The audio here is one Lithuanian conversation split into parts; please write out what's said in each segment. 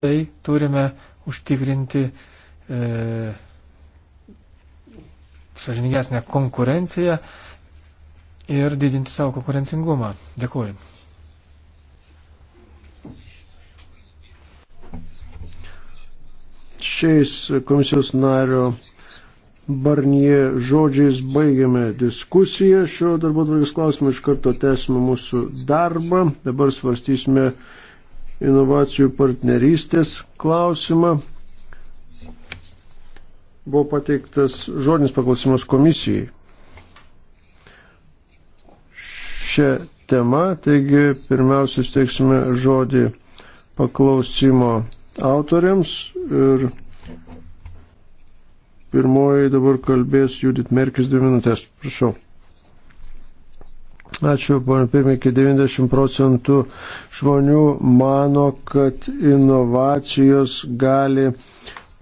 tai turime užtikrinti e, sažiningesnę konkurenciją ir didinti savo konkurencingumą. Dėkuoju. Šiais komisijos nario Barnie žodžiais baigiame diskusiją šio darbo tvarkės klausimą, iš karto tęsime mūsų darbą. Dabar svarstysime inovacijų partnerystės klausimą. Buvo pateiktas žodinis paklausimas komisijai. Šią temą, taigi pirmiausia, steiksime žodį paklausimo autoriams ir pirmoji dabar kalbės Judith Merkis dvi minutės. Prašau. Ačiū, ponė pirmininkė, 90 procentų žmonių mano, kad inovacijos gali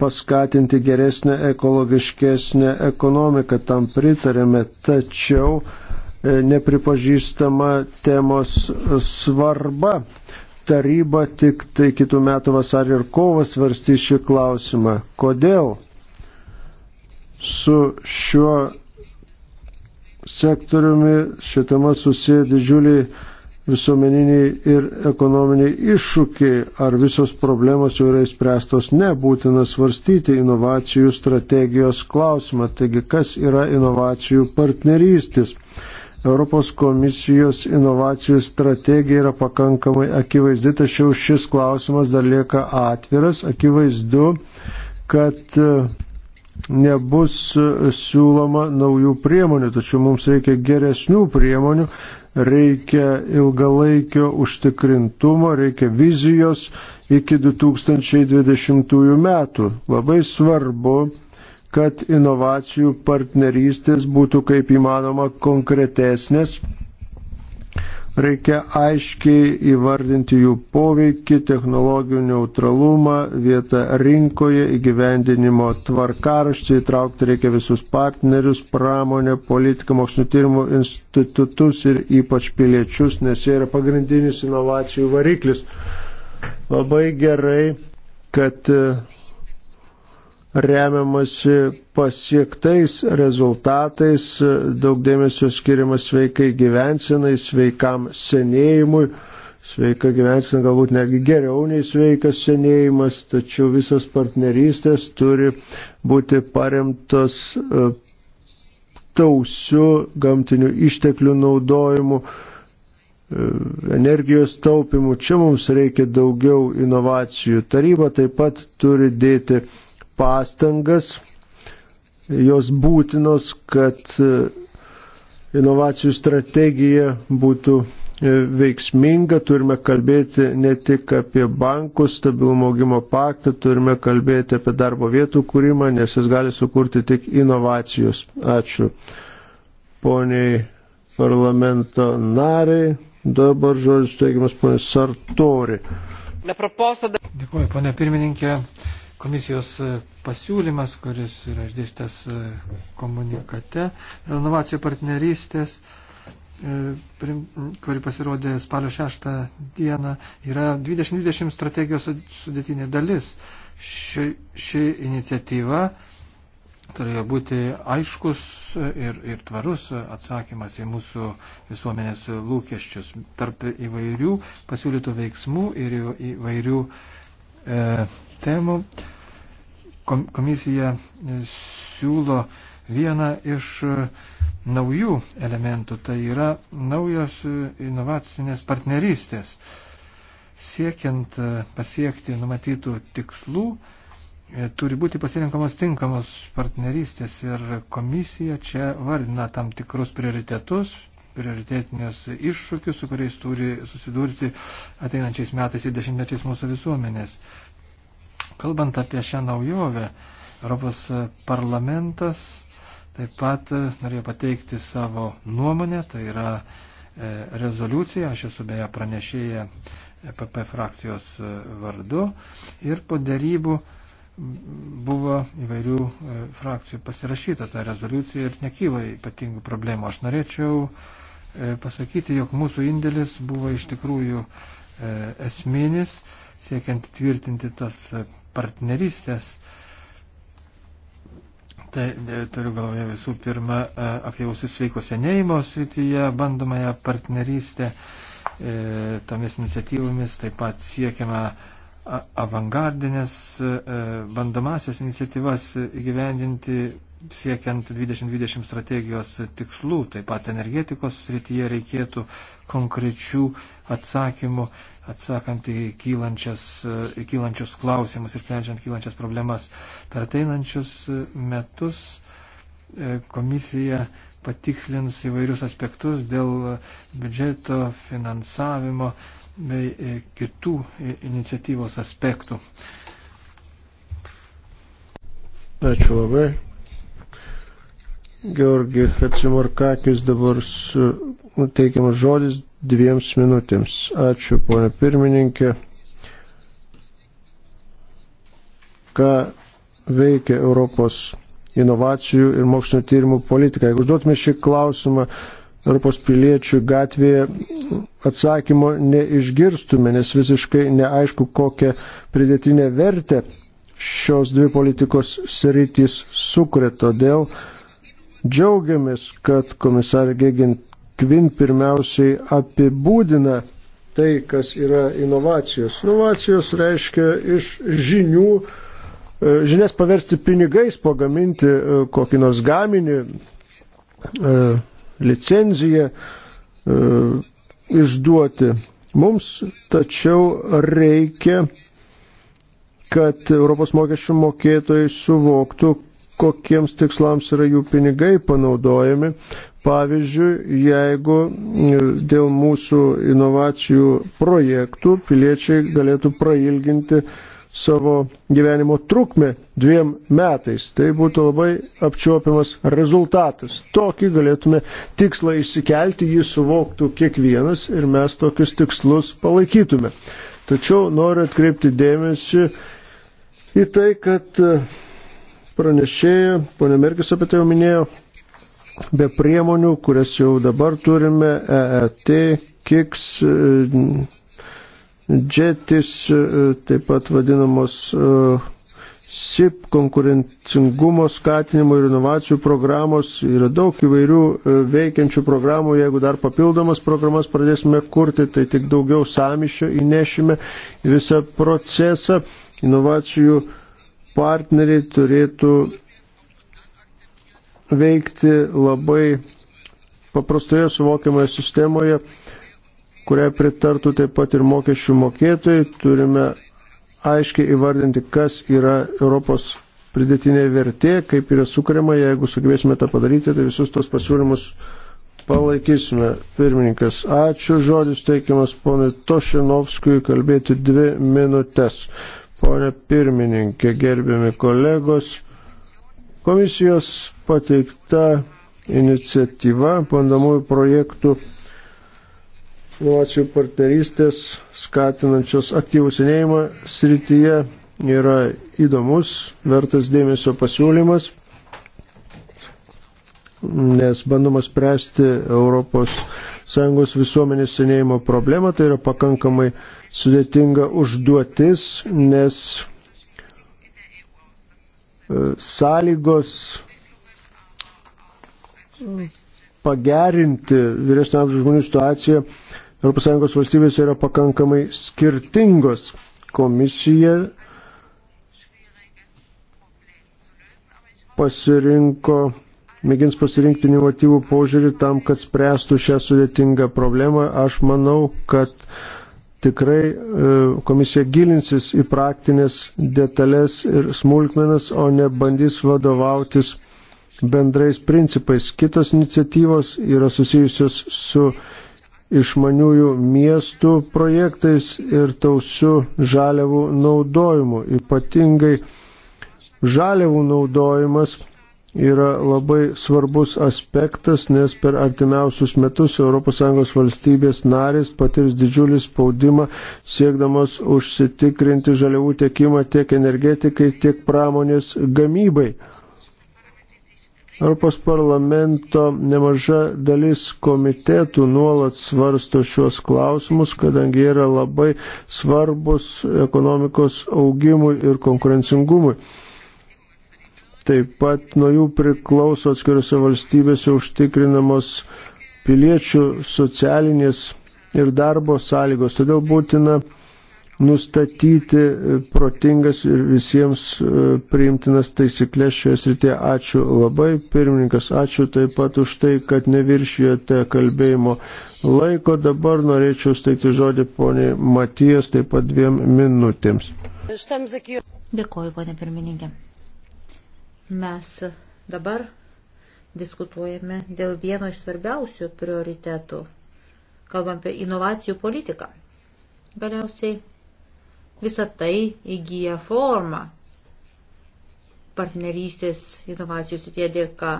paskatinti geresnę, ekologiškesnę ekonomiką, tam pritarėme, tačiau e, nepripažįstama temos svarba. Taryba tik tai kitų metų vasarį ir kovą svarstys šį klausimą. Kodėl su šiuo sektoriumi šią temą susiję didžiuliai visuomeniniai ir ekonominiai iššūkiai, ar visos problemos jau yra įspręstos, ne, būtina svarstyti inovacijų strategijos klausimą. Taigi, kas yra inovacijų partnerystis? Europos komisijos inovacijų strategija yra pakankamai akivaizdi, tačiau šis klausimas dar lieka atviras. Akivaizdu, kad uh, nebus e, siūloma naujų priemonių, tačiau mums reikia geresnių priemonių, reikia ilgalaikio užtikrintumo, reikia vizijos iki 2020 metų. Labai svarbu, kad inovacijų partnerystės būtų kaip įmanoma konkretesnės Reikia aiškiai įvardinti jų poveikį, technologijų neutralumą, vietą rinkoje, įgyvendinimo tvarkaraštį, įtraukti reikia visus partnerius, pramonę, politiką, mokslinio tyrimų institutus ir ypač piliečius, nes jie yra pagrindinis inovacijų variklis. Labai gerai, kad remiamasi pasiektais rezultatais, daug dėmesio skiriama sveikai gyvensinai, sveikam senėjimui. Sveika gyvensina galbūt netgi geriau nei sveikas senėjimas, tačiau visos partnerystės turi būti paremtos e, tausiu gamtinių išteklių naudojimu, e, energijos taupimu. Čia mums reikia daugiau inovacijų. Taryba taip pat turi dėti pastangas, jos būtinos, kad e, inovacijų strategija būtų e, veiksminga, turime kalbėti ne tik apie bankų stabilumo augimo paktą, turime kalbėti apie darbo vietų kūrimą, nes jis gali sukurti tik inovacijos. Ačiū. Poniai parlamento nariai, dabar žodžius teigiamas poniai Sartori. Dėkuoju, ponia pirmininkė. Komisijos e, pasiūlymas, kuris yra išdėstas e, komunikate, inovacijų partnerystės, e, kuri pasirodė spalio 6 dieną, yra 2020 strategijos sudėtinė dalis. Ši, ši iniciatyva turėjo būti aiškus ir, ir tvarus atsakymas į mūsų visuomenės lūkesčius tarp įvairių pasiūlytų veiksmų ir įvairių e, temų. Komisija e, siūlo vieną iš e, naujų elementų, tai yra naujos e, inovacinės partnerystės. Siekiant pasiekti numatytų tikslų, turi būti pasirinkamos tinkamos partnerystės ir komisija čia vardina tam tikrus prioritetus, prioritetinius iššūkius, su kuriais turi susidurti ateinančiais metais ir dešimtmečiais mūsų visuomenės. Uh, Kalbant apie šią naujovę, Europos parlamentas taip pat e, norėjo pateikti savo nuomonę, tai yra e, rezoliucija, aš esu beje pranešėję PP e frakcijos vardu ir po darybų buvo įvairių frakcijų pasirašyta ta rezoliucija ir nekyla ypatingų problemų. Aš norėčiau pasakyti, jog mūsų indėlis buvo iš tikrųjų esminis, siekiant tvirtinti tas partnerystės. Tai e, turiu galvoje visų pirma e, aktyvusius sveiko senėjimo srityje, bandomąją partnerystę, e, tomis iniciatyvomis taip pat siekiama avangardinės e, bandomasias iniciatyvas gyvendinti siekiant 2020 strategijos tikslų, taip pat energetikos srityje reikėtų konkrečių atsakymų, atsakant į kylančias, kylančius klausimus ir sprendžiant kylančias problemas. Per ateinančius metus e, komisija patikslins įvairius aspektus dėl biudžeto finansavimo bei e, kitų e, iniciatyvos aspektų. Ačiū labai. Georgi Hatsimarkakis dabar nu, teikiamas žodis dviems minutėms. Ačiū, ponė pirmininkė. Ką veikia Europos inovacijų ir mokslinio tyrimų politika? Jeigu užduotume šį klausimą, Europos piliečių gatvėje atsakymo neišgirstume, nes visiškai neaišku, kokią pridėtinę vertę šios dvi politikos sritys sukuria. Todėl Džiaugiamės, kad komisarė Gegin Kvin pirmiausiai apibūdina tai, kas yra inovacijos. Inovacijos reiškia iš žinių, e, žinias paversti pinigais, pagaminti e, kokį nors gaminį, e, licenciją išduoti. Mums tačiau reikia, kad Europos mokesčių mokėtojai suvoktų, kokiems tikslams yra jų pinigai panaudojami. Pavyzdžiui, jeigu e, dėl mūsų inovacijų projektų piliečiai galėtų prailginti savo gyvenimo trukmę dviem metais. Tai būtų labai apčiuopiamas rezultatas. Tokį galėtume tikslą išsikelti, jį suvoktų kiekvienas ir mes tokius tikslus palaikytume. Tačiau noriu atkreipti dėmesį į tai, kad pranešėja, ponė Merkis apie tai jau minėjo, be priemonių, kurias jau dabar turime, EET, KIKS, JETIS, e, e, taip pat vadinamos e, SIP konkurencingumo skatinimo ir inovacijų programos, yra daug įvairių veikiančių programų, jeigu dar papildomas programas pradėsime kurti, tai tik daugiau samišio įnešime į visą procesą inovacijų programų partneriai turėtų veikti labai paprastoje suvokiamoje sistemoje, kuriai pritartų taip pat ir mokesčių mokėtojai. Turime aiškiai įvardinti, kas yra Europos pridėtinė vertė, kaip yra sukuriama, jeigu sugebėsime tą padaryti, tai visus tos pasiūlymus palaikysime. Pirmininkas, ačiū, žodis teikiamas ponui Tošinovskui kalbėti dvi minutės ponė pirmininkė, gerbiami kolegos. Komisijos pateikta iniciatyva bandomųjų projektų inovacijų partnerystės skatinančios aktyvų senėjimą srityje yra įdomus, vertas dėmesio pasiūlymas, nes bandoma spręsti ES visuomenės senėjimo problemą, tai yra pakankamai uh, sudėtinga užduotis, nes e, sąlygos e, pagerinti vyresnio amžiaus žmonių situaciją ES valstybėse yra pakankamai skirtingos. Komisija pasirinko, mėgins pasirinkti inovatyvų požiūrį tam, kad spręstų šią sudėtingą problemą. Aš manau, kad uh, tikrai e, komisija gilinsis į praktinės detalės ir smulkmenas, o ne bandys vadovautis bendrais principais. Kitos iniciatyvos yra susijusios su išmaniųjų miestų projektais ir tausių žaliavų naudojimu. Ypatingai žaliavų naudojimas yra labai svarbus aspektas, nes per artimiausius metus ES valstybės narės patirs didžiulį spaudimą, siekdamas užsitikrinti žaliavų tiekimą tiek energetikai, tiek pramonės gamybai. Europos parlamento nemaža dalis komitetų nuolat svarsto šios klausimus, kadangi jie yra labai svarbus ekonomikos augimui ir konkurencingumui. Taip pat nuo jų priklauso atskiriuose valstybėse užtikrinamos piliečių socialinės ir darbo sąlygos. Todėl būtina nustatyti protingas ir visiems e, priimtinas taisyklės šioje srityje. Ačiū labai, pirmininkas, ačiū taip pat už tai, kad neviršijote kalbėjimo laiko. Dabar norėčiau steigti žodį poniai Matijas taip pat dviem minutėms. Dėkuoju, ponė pirmininkė. Mes dabar diskutuojame dėl vieno iš svarbiausių prioritetų, kalbam apie inovacijų politiką. Galiausiai visa tai įgyja formą partnerystės inovacijų sutie dėka.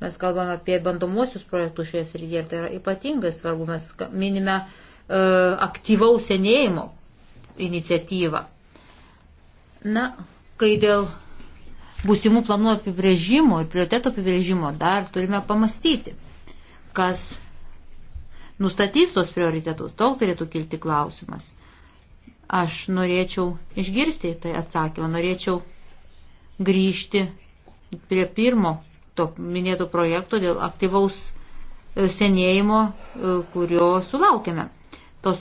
Mes kalbame apie bandomuosius projektus šioje srityje ir tai yra ypatingai svarbu. Mes minime e, aktyvaus senėjimo iniciatyvą. Na, kai dėl būsimų planų apibrėžimo ir prioriteto apibrėžimo dar turime pamastyti, kas nustatys tos prioritetus. Toks turėtų kilti klausimas. Aš norėčiau išgirsti tai atsakymą, norėčiau grįžti prie pirmo to minėto projekto dėl aktyvaus e, senėjimo, e, kurio sulaukėme. Tos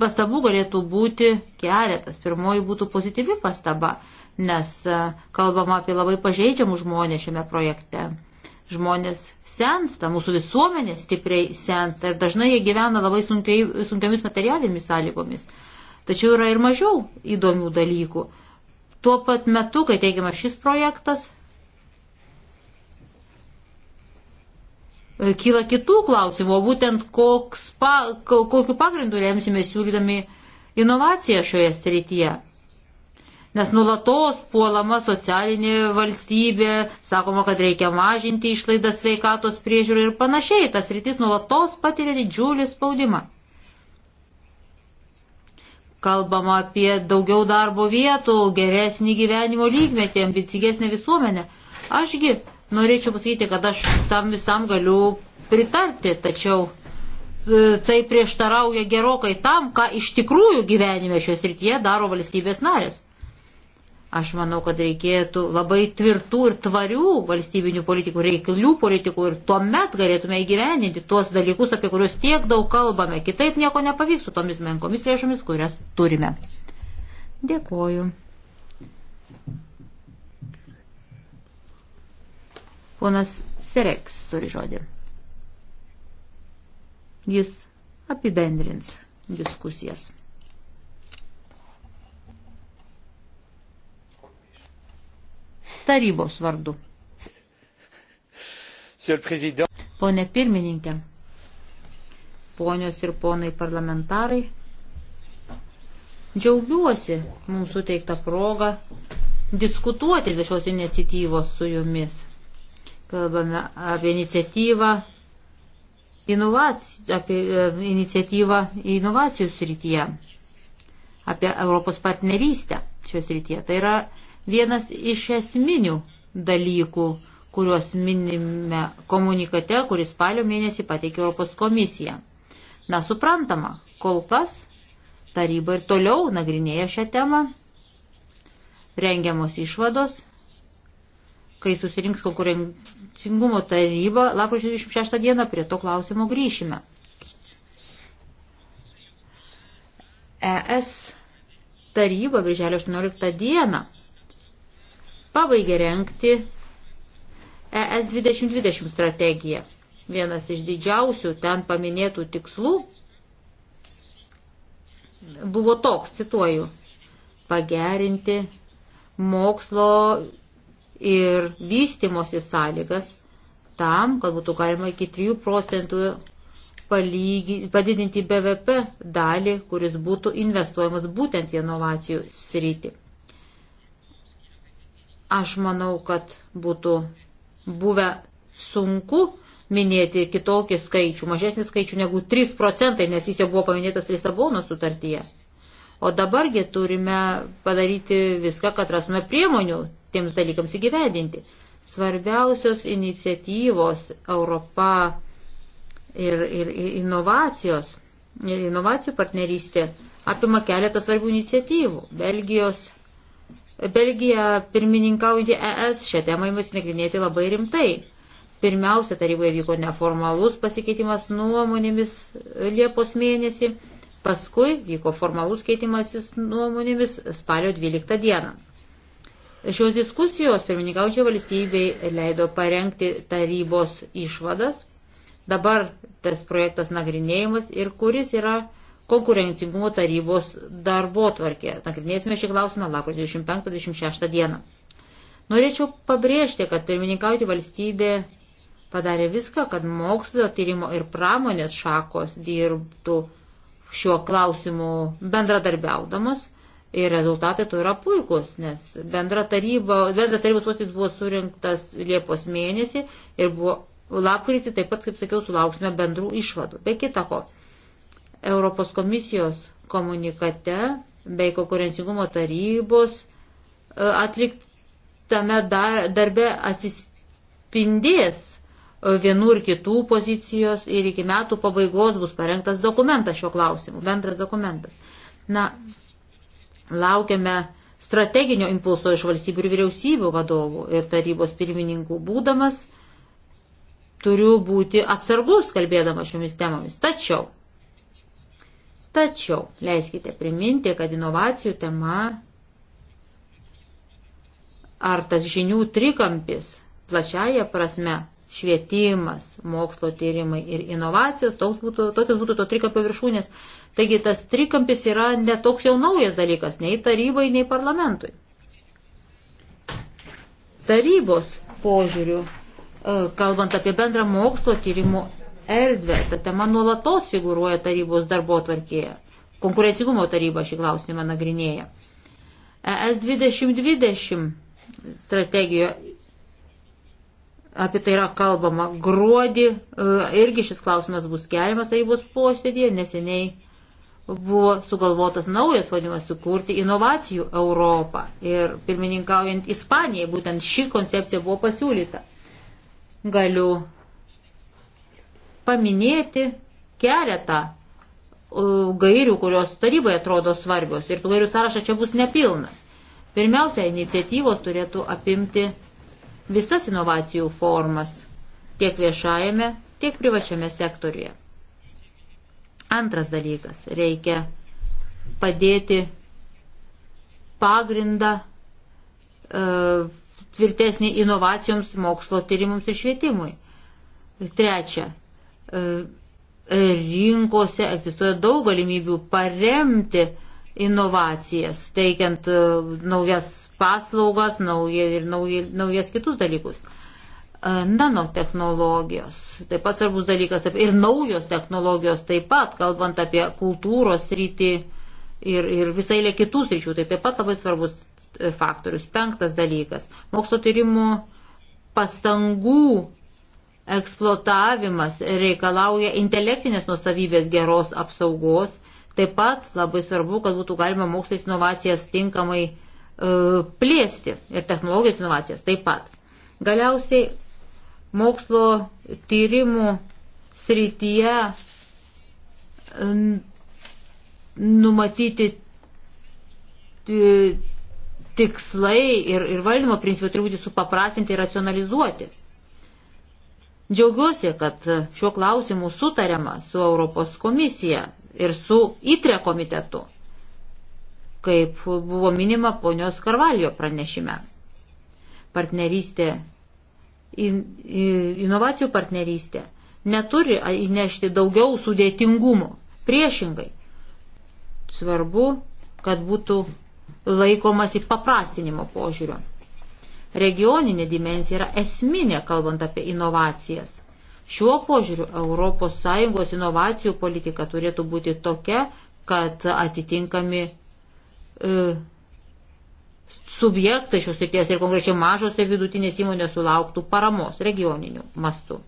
pastabų galėtų būti keletas. Pirmoji būtų pozityvi pastaba nes e, kalbama apie labai pažeidžiamus žmonės šiame projekte. Žmonės sensta, mūsų visuomenė stipriai sensta ir dažnai jie gyvena labai sunkiai, sunkiomis materialinėmis sąlygomis. Tačiau yra ir mažiau įdomių dalykų. Tuo pat metu, kai teigiamas šis projektas, e, kyla kitų klausimų, o būtent koks pa, kokiu pagrindu remsime siūlydami inovaciją šioje srityje nes nulatos puolama socialinė valstybė, sakoma, kad reikia mažinti išlaidas sveikatos priežiūrai ir panašiai, tas rytis nulatos patiria didžiulį spaudimą. Kalbama apie daugiau darbo vietų, geresnį gyvenimo lygmetį, ambicingesnę visuomenę. Ašgi norėčiau pasakyti, kad aš tam visam galiu pritarti, tačiau e, tai prieštarauja gerokai tam, ką iš tikrųjų gyvenime šios rytyje daro valstybės narės. Aš manau, kad reikėtų labai tvirtų ir tvarių valstybinių politikų, reiklių politikų ir tuomet galėtume įgyveninti tuos dalykus, apie kuriuos tiek daug kalbame. Kitaip nieko nepavyks su tomis menkomis lėšomis, kurias turime. Dėkoju. Ponas Sereks turi žodį. Jis apibendrins diskusijas. tarybos vardu. Pone pirmininkė, ponios ir ponai parlamentarai, džiaugiuosi mums suteikta proga diskutuoti dėl šios iniciatyvos su jumis. Kalbame apie iniciatyvą, inovacijų, apie e, iniciatyvą inovacijų srityje, apie Europos partnerystę šios srityje. Tai yra vienas iš esminių dalykų, kuriuos minime komunikate, kuris spalio mėnesį pateikė Europos komisija. Na, suprantama, kol kas taryba ir toliau nagrinėja šią temą, rengiamos išvados, kai susirinks konkurencingumo taryba, lapkričio 26 dieną prie to klausimo grįšime. ES taryba, birželio 18 dieną, pabaigė renkti ES 2020 strategiją. Vienas iš didžiausių ten paminėtų tikslų buvo toks, cituoju, pagerinti mokslo ir vystimosi sąlygas tam, kad būtų galima iki 3 procentų palygi, padidinti BVP dalį, kuris būtų investuojamas būtent į inovacijų sritį. Aš manau, kad būtų buvę sunku minėti kitokį skaičių, mažesnį skaičių negu 3 procentai, nes jis jau buvo paminėtas Lisabono sutartyje. O dabargi turime padaryti viską, kad rastume priemonių tiems dalykams įgyvedinti. Svarbiausios iniciatyvos Europa ir, ir, ir inovacijos, inovacijų partnerystė apima keletą svarbių iniciatyvų. Belgijos Belgija pirmininkaujantį ES šią temą įmus nagrinėti labai rimtai. Pirmiausia, taryboje vyko neformalus pasikeitimas nuomonėmis Liepos mėnesį, paskui vyko formalus keitimasis nuomonėmis spalio 12 dieną. Šios diskusijos pirmininkaučiai valstybei leido parengti tarybos išvadas. Dabar tas projektas nagrinėjimas ir kuris yra konkurencingumo tarybos darbo tvarkė. Nagrinėsime šį klausimą lapkričio 25-26 dieną. Norėčiau pabrėžti, kad pirmininkauti valstybė padarė viską, kad mokslo tyrimo ir pramonės šakos dirbtų šiuo klausimu bendradarbiaudamos. Ir rezultatai to yra puikus, nes bendra taryba, bendras tarybos postis buvo surinktas Liepos mėnesį ir buvo lapkritį taip pat, kaip sakiau, sulauksime bendrų išvadų. Be kita ko, Europos komisijos komunikate bei konkurencingumo tarybos e, atliktame darbe atsispindės e, vienų ir kitų pozicijos ir iki metų pabaigos bus parengtas dokumentas šio klausimu, bendras dokumentas. Na, laukiame strateginio impulso iš valstybių ir vyriausybių vadovų ir tarybos pirmininkų būdamas turiu būti atsargus kalbėdamas šiomis temomis. Tačiau Tačiau leiskite priminti, kad inovacijų tema ar tas žinių trikampis plačiaja prasme švietimas, mokslo tyrimai ir inovacijos, būtų, tokios būtų to trikampio viršūnės. Taigi tas trikampis yra netoks jau naujas dalykas nei tarybai, nei parlamentui. Tarybos požiūrių, e, kalbant apie bendrą mokslo tyrimų erdvę. Ta tema nuolatos figuruoja tarybos darbo tvarkėje. Konkurencingumo taryba šį klausimą nagrinėja. ES 2020 strategijoje apie tai yra kalbama. Gruodį e, irgi šis klausimas bus keliamas tarybos posėdėje, neseniai buvo sugalvotas naujas vadimas sukurti inovacijų Europą. Ir pirmininkaujant Ispanijai, būtent ši koncepcija buvo pasiūlyta. Galiu paminėti keletą gairių, kurios tarybai atrodo svarbios ir tų gairių sąrašas čia bus nepilnas. Pirmiausia, iniciatyvos turėtų apimti visas inovacijų formas tiek viešajame, tiek privačiame sektoriuje. Antras dalykas - reikia padėti pagrindą e, tvirtesnį inovacijoms, mokslo tyrimams ir švietimui. Trečia, E, rinkose egzistuoja daug galimybių paremti inovacijas, teikiant e, naujas paslaugas nauja, ir nauja, naujas kitus dalykus. E, nanotehnologijos, taip pat svarbus dalykas, ir naujos technologijos taip pat, kalbant apie kultūros rytį ir, ir visai lė kitus ryčių, tai taip pat labai svarbus faktorius. Penktas dalykas - mokslo tyrimų pastangų eksploatavimas reikalauja intelektinės nusavybės geros apsaugos. Taip pat labai svarbu, kad būtų galima mokslinės inovacijas tinkamai e, plėsti ir technologijos inovacijas taip pat. Galiausiai mokslo tyrimų srityje e, numatyti e, tikslai ir, ir valdymo principai turi būti supaprastinti ir racionalizuoti. Džiaugiuosi, kad šiuo klausimu sutariama su Europos komisija ir su ITRE komitetu, kaip buvo minima ponios Karvalijo pranešime. Partnerystė, in, inovacijų partnerystė neturi įnešti daugiau sudėtingumo. Priešingai, svarbu, kad būtų laikomasi paprastinimo požiūrio regioninė dimensija yra esminė, kalbant apie inovacijas. Šiuo požiūriu ES inovacijų politika turėtų būti tokia, kad atitinkami e, subjektai šios srities ir konkrečiai mažos ir vidutinės įmonės sulauktų paramos regioniniu mastu.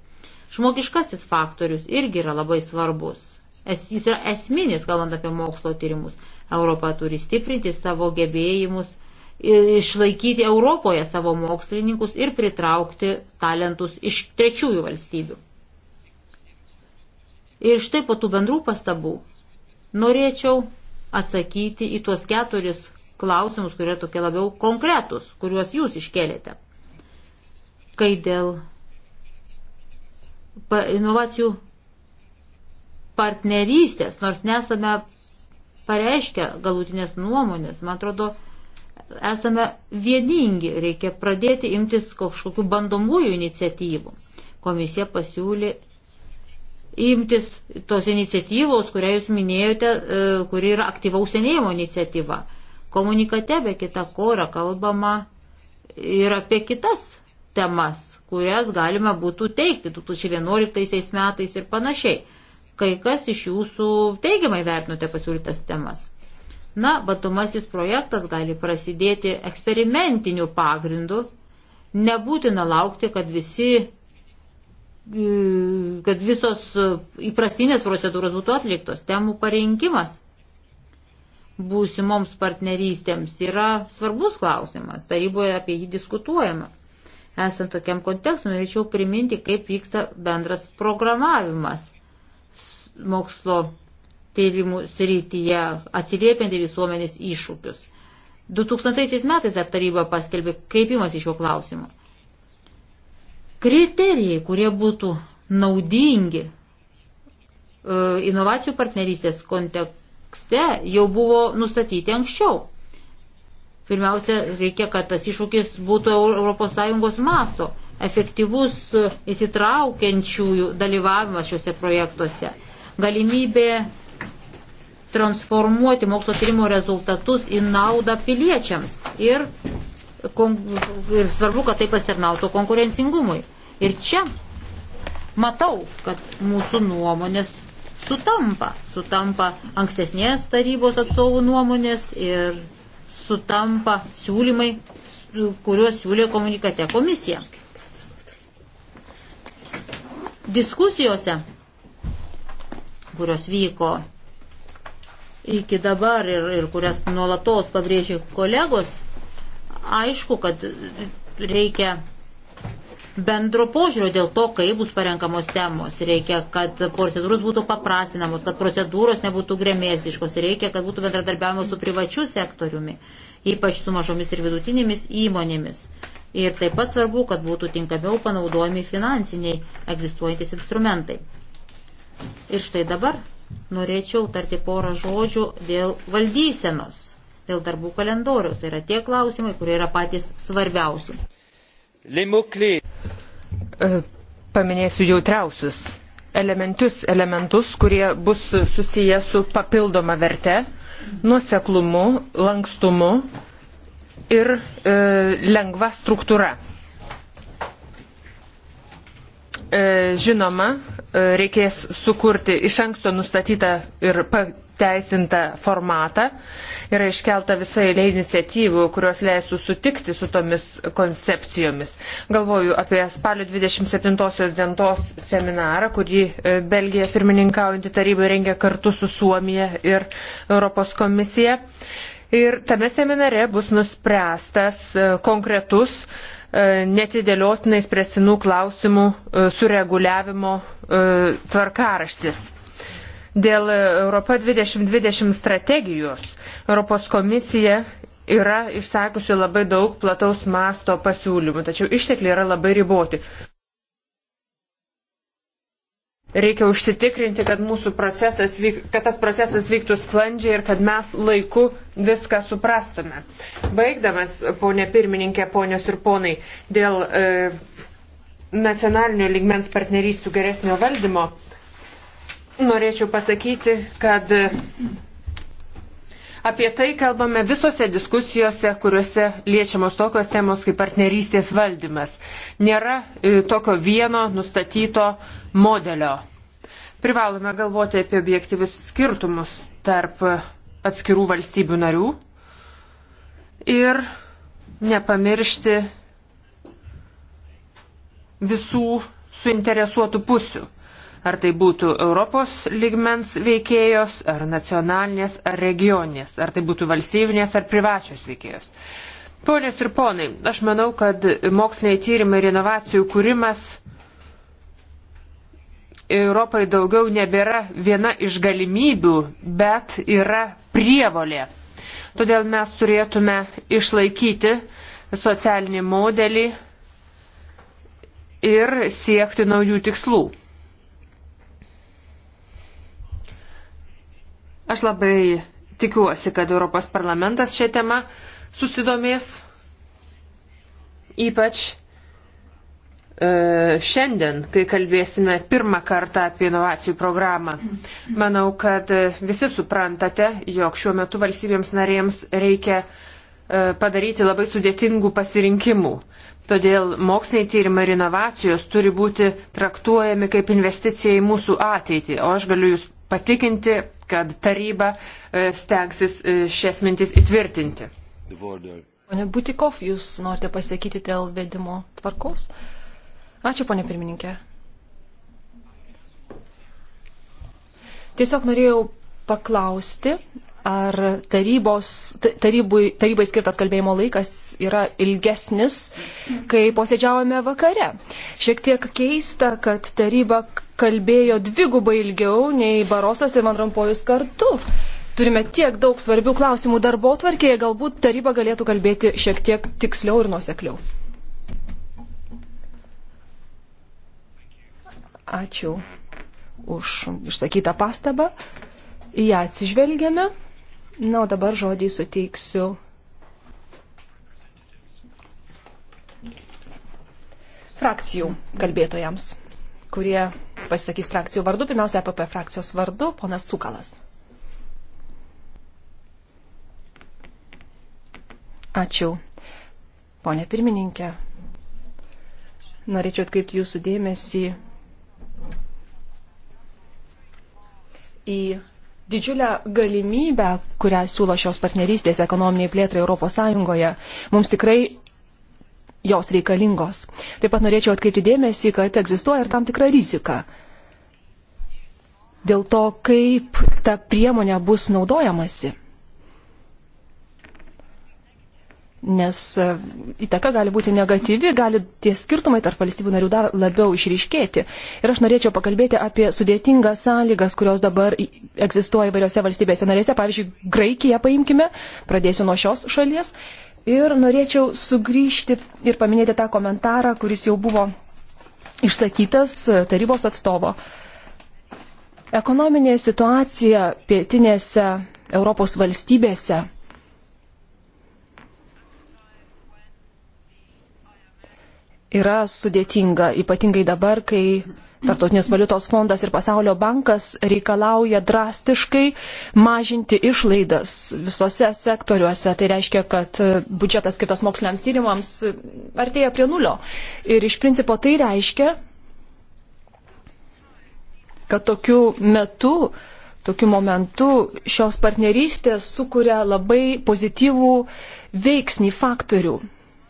Žmogiškasis faktorius irgi yra labai svarbus. Es, jis yra esminis, kalbant apie mokslo tyrimus. Europa turi stiprinti savo gebėjimus išlaikyti Europoje savo mokslininkus ir pritraukti talentus iš trečiųjų valstybių. Ir štai po tų bendrų pastabų norėčiau atsakyti į tuos keturis klausimus, kurie tokie labiau konkretus, kuriuos jūs iškėlėte. Kai dėl inovacijų partnerystės, nors nesame pareiškę galutinės nuomonės, man atrodo, esame vieningi, reikia pradėti imtis kažkokių bandomųjų iniciatyvų. Komisija pasiūlė imtis tos iniciatyvos, kurią jūs minėjote, e, kuri yra aktyvaus senėjimo iniciatyva. Komunikate be kita ko yra kalbama ir apie kitas temas, kurias galima būtų teikti 2011 metais ir panašiai. Kai kas iš jūsų teigiamai vertinote pasiūlytas temas. Na, batomasis projektas gali prasidėti eksperimentiniu pagrindu. Nebūtina laukti, kad visi e, kad visos įprastinės procedūros būtų atliktos. Temų parinkimas būsimoms partnerystėms yra svarbus klausimas. Taryboje apie jį diskutuojama. Esant tokiam kontekstui, norėčiau priminti, kaip vyksta bendras programavimas mokslo tyrimų srityje, atsiliepianti visuomenės iššūkius. 2000 metais dar taryba paskelbė kreipimas į šio klausimą. Kriterijai, kurie būtų naudingi e, inovacijų partnerystės kontekste, jau buvo nustatyti anksčiau. Pirmiausia, reikia, kad tas iššūkis būtų ES masto, efektyvus e, įsitraukiančiųjų dalyvavimas šiuose projektuose, galimybė transformuoti mokslo tyrimo rezultatus į naudą piliečiams. Ir, kon, ir svarbu, kad tai pasitarnautų konkurencingumui. Ir čia matau, kad mūsų nuomonės sutampa. Sutampa ankstesnės tarybos atstovų nuomonės ir sutampa siūlymai, kuriuos siūlė komunikate komisija. Diskusijose, kurios vyko iki dabar ir, ir kurias nuolatos pabrėžė kolegos, aišku, kad reikia bendro požiūrio dėl to, kaip bus parenkamos temos. Reikia, kad procedūros būtų paprastinamos, kad procedūros nebūtų grėmėstiškos. Reikia, kad būtų bendradarbiavimo su privačiu sektoriumi, ypač su mažomis ir vidutinėmis įmonėmis. Ir taip pat svarbu, kad būtų tinkamiau panaudojami finansiniai egzistuojantis instrumentai. Ir štai dabar norėčiau tarti porą žodžių dėl valdysenos, dėl darbų kalendoriaus. Tai yra tie klausimai, kurie yra patys svarbiausi. E, paminėsiu jautriausius elementus, elementus, kurie bus susiję su papildoma verte, nuoseklumu, lankstumu ir e, lengva struktūra. E, žinoma, reikės sukurti iš anksto nustatytą ir pateisintą formatą. Yra iškelta visai eilė iniciatyvų, kurios leistų sutikti su tomis koncepcijomis. Galvoju apie spalio 27 dienos seminarą, kurį e, Belgija pirmininkaujantį tarybą rengia kartu su Suomija ir Europos komisija. Ir tame seminare bus nuspręstas e, konkretus uh, E, netidėliotinai spresinų klausimų e, sureguliavimo e, tvarkaraštis. Dėl Europa 2020 strategijos Europos komisija yra išsakusi labai daug plataus masto pasiūlymų, tačiau ištekliai yra labai riboti. Reikia užsitikrinti, kad, procesas vyk, kad tas procesas vyktų sklandžiai ir kad mes laiku viską suprastume. Baigdamas, ponė pirmininkė, ponios ir ponai, dėl e, nacionalinio lygmens partnerystų geresnio valdymo, norėčiau pasakyti, kad e, apie tai kalbame visose diskusijose, kuriuose liečiamos tokios temos kaip partnerystės valdymas. Nėra e, tokio vieno nustatyto modelio. Privalome galvoti apie objektyvius skirtumus tarp atskirų valstybių narių ir nepamiršti visų suinteresuotų pusių. Ar tai būtų Europos ligmens veikėjos, ar nacionalinės, ar regioninės, ar tai būtų valstybinės, ar privačios veikėjos. Ponios ir ponai, aš manau, kad moksliniai tyrimai ir inovacijų kūrimas Europai daugiau nebėra viena iš galimybių, bet yra prievolė. Todėl mes turėtume išlaikyti socialinį modelį ir siekti naujų tikslų. Aš labai tikiuosi, kad Europos parlamentas šią temą susidomės, ypač E, šiandien, kai kalbėsime pirmą kartą apie inovacijų programą. Manau, kad visi suprantate, jog šiuo metu valstybėms narėms reikia e, padaryti labai sudėtingų pasirinkimų. Todėl moksliniai tyrimai ir inovacijos turi būti traktuojami kaip investicija į mūsų ateitį. O aš galiu Jūs patikinti, kad taryba e, stengsis šias mintis įtvirtinti. Pone Butikov, Jūs norite pasakyti dėl vedimo tvarkos? Uh, Ačiū, ponė pirmininkė. Tiesiog norėjau paklausti, ar tarybos, tarybui, tarybai skirtas kalbėjimo laikas yra ilgesnis, kai posėdžiavome vakare. Šiek tiek keista, kad taryba kalbėjo dvigubai ilgiau nei Barosas ir Manrampojus kartu. Turime tiek daug svarbių klausimų darbo tvarkėje, galbūt taryba galėtų kalbėti šiek tiek tiksliau ir nuosekliau. Ačiū už išsakytą pastabą. Į ją atsižvelgiame. Na, o dabar žodį suteiksiu. Frakcijų kalbėtojams, kurie pasisakys frakcijų vardu. Pirmiausia, APP e frakcijos vardu, ponas Cukalas. Ačiū. Pone pirmininkė, norėčiau atkreipti jūsų dėmesį į didžiulę galimybę, kurią siūlo šios partnerystės ekonominiai plėtrai ES, mums tikrai jos reikalingos. Taip pat norėčiau atkreipti dėmesį, kad egzistuoja ir tam tikra rizika. Dėl to, kaip ta priemonė bus naudojamasi. nes e, įtaka gali būti negatyvi, gali tie skirtumai tarp valstybių narių dar labiau išryškėti. Ir aš norėčiau pakalbėti apie sudėtingas sąlygas, kurios dabar egzistuoja įvairiose valstybėse narėse. Pavyzdžiui, Graikiją paimkime, pradėsiu nuo šios šalies. Ir norėčiau sugrįžti ir paminėti tą komentarą, kuris jau buvo išsakytas e, tarybos atstovo. Ekonominė situacija pietinėse Europos valstybėse yra sudėtinga, ypatingai dabar, kai Tartautinės valiutos fondas ir Pasaulio bankas reikalauja drastiškai mažinti išlaidas visose sektoriuose. Tai reiškia, kad biudžetas skirtas moksliniams tyrimams artėja prie nulio. Ir iš principo tai reiškia, kad tokiu metu, tokiu momentu šios partnerystės sukuria labai pozityvų veiksnį faktorių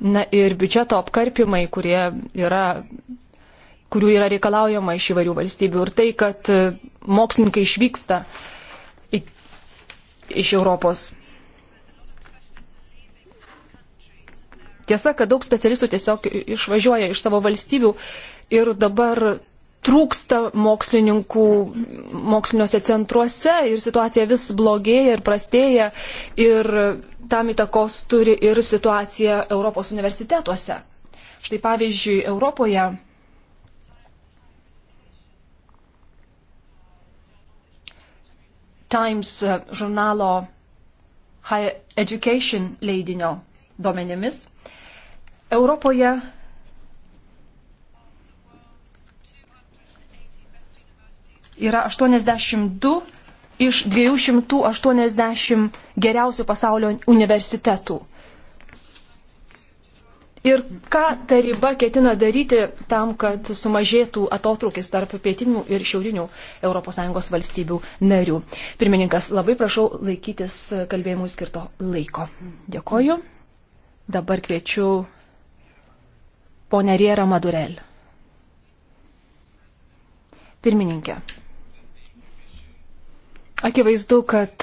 Na ir biudžeto apkarpimai, kurie yra kurių yra reikalaujama iš įvairių valstybių. Ir tai, kad e, mokslininkai išvyksta iš Europos. Tiesa, kad daug specialistų tiesiog išvažiuoja iš savo valstybių ir dabar trūksta mokslininkų moksliniuose centruose ir situacija vis blogėja ir prastėja ir tam įtakos turi ir situacija Europos universitetuose. Štai pavyzdžiui, Europoje Times e, žurnalo High Education leidinio duomenimis Europoje yra 82 iš 280 geriausių pasaulio universitetų. Ir ką taryba ketina daryti tam, kad sumažėtų atotrukis tarp pietinių ir šiaurinių ES valstybių narių? Pirmininkas, labai prašau laikytis kalbėjimui skirto laiko. Dėkoju. Dabar kviečiu ponę Rierą Madurel. Pirmininkė. Akivaizdu, kad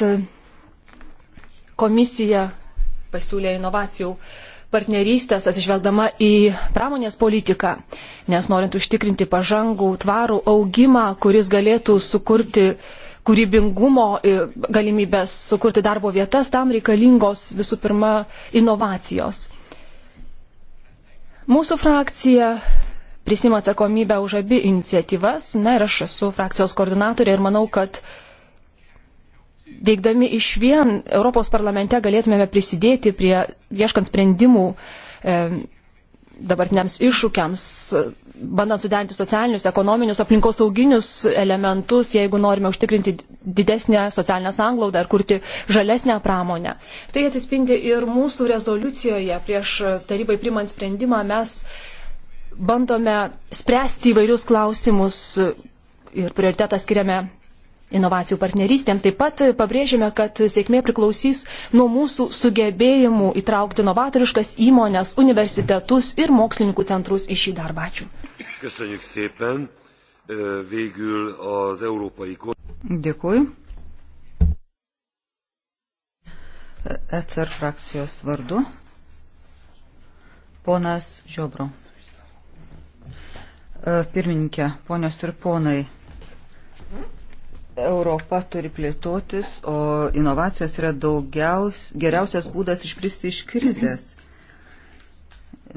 komisija pasiūlė inovacijų partnerystės atsižvelgdama į pramonės politiką, nes norint užtikrinti pažangų, tvarų augimą, kuris galėtų sukurti kūrybingumo e, galimybės, sukurti darbo vietas, tam reikalingos visų pirma inovacijos. Mūsų frakcija prisima atsakomybę už abi iniciatyvas, na ir aš esu frakcijos koordinatorė ir manau, kad veikdami iš vien Europos parlamente galėtumėme prisidėti prie ieškant sprendimų e, dabartiniams iššūkiams, bandant sudenti socialinius, ekonominius, aplinkos sauginius elementus, jeigu norime užtikrinti didesnę socialinę sanglaudą ir kurti žalesnę pramonę. Tai atsispindi ir mūsų rezoliucijoje prieš tarybai primant sprendimą mes bandome spręsti įvairius klausimus ir prioritetą skiriame inovacijų partnerystėms. Taip pat pabrėžime, kad sėkmė priklausys nuo mūsų sugebėjimų įtraukti novatoriškas įmonės, universitetus ir mokslininkų centrus į šį darbą. Ačiū. Dėkui. ECR frakcijos vardu. Ponas Žiobro. E, pirmininkė, ponios ir ponai. Europa turi plėtotis, o inovacijos yra daugiaus, geriausias būdas išpristi iš krizės.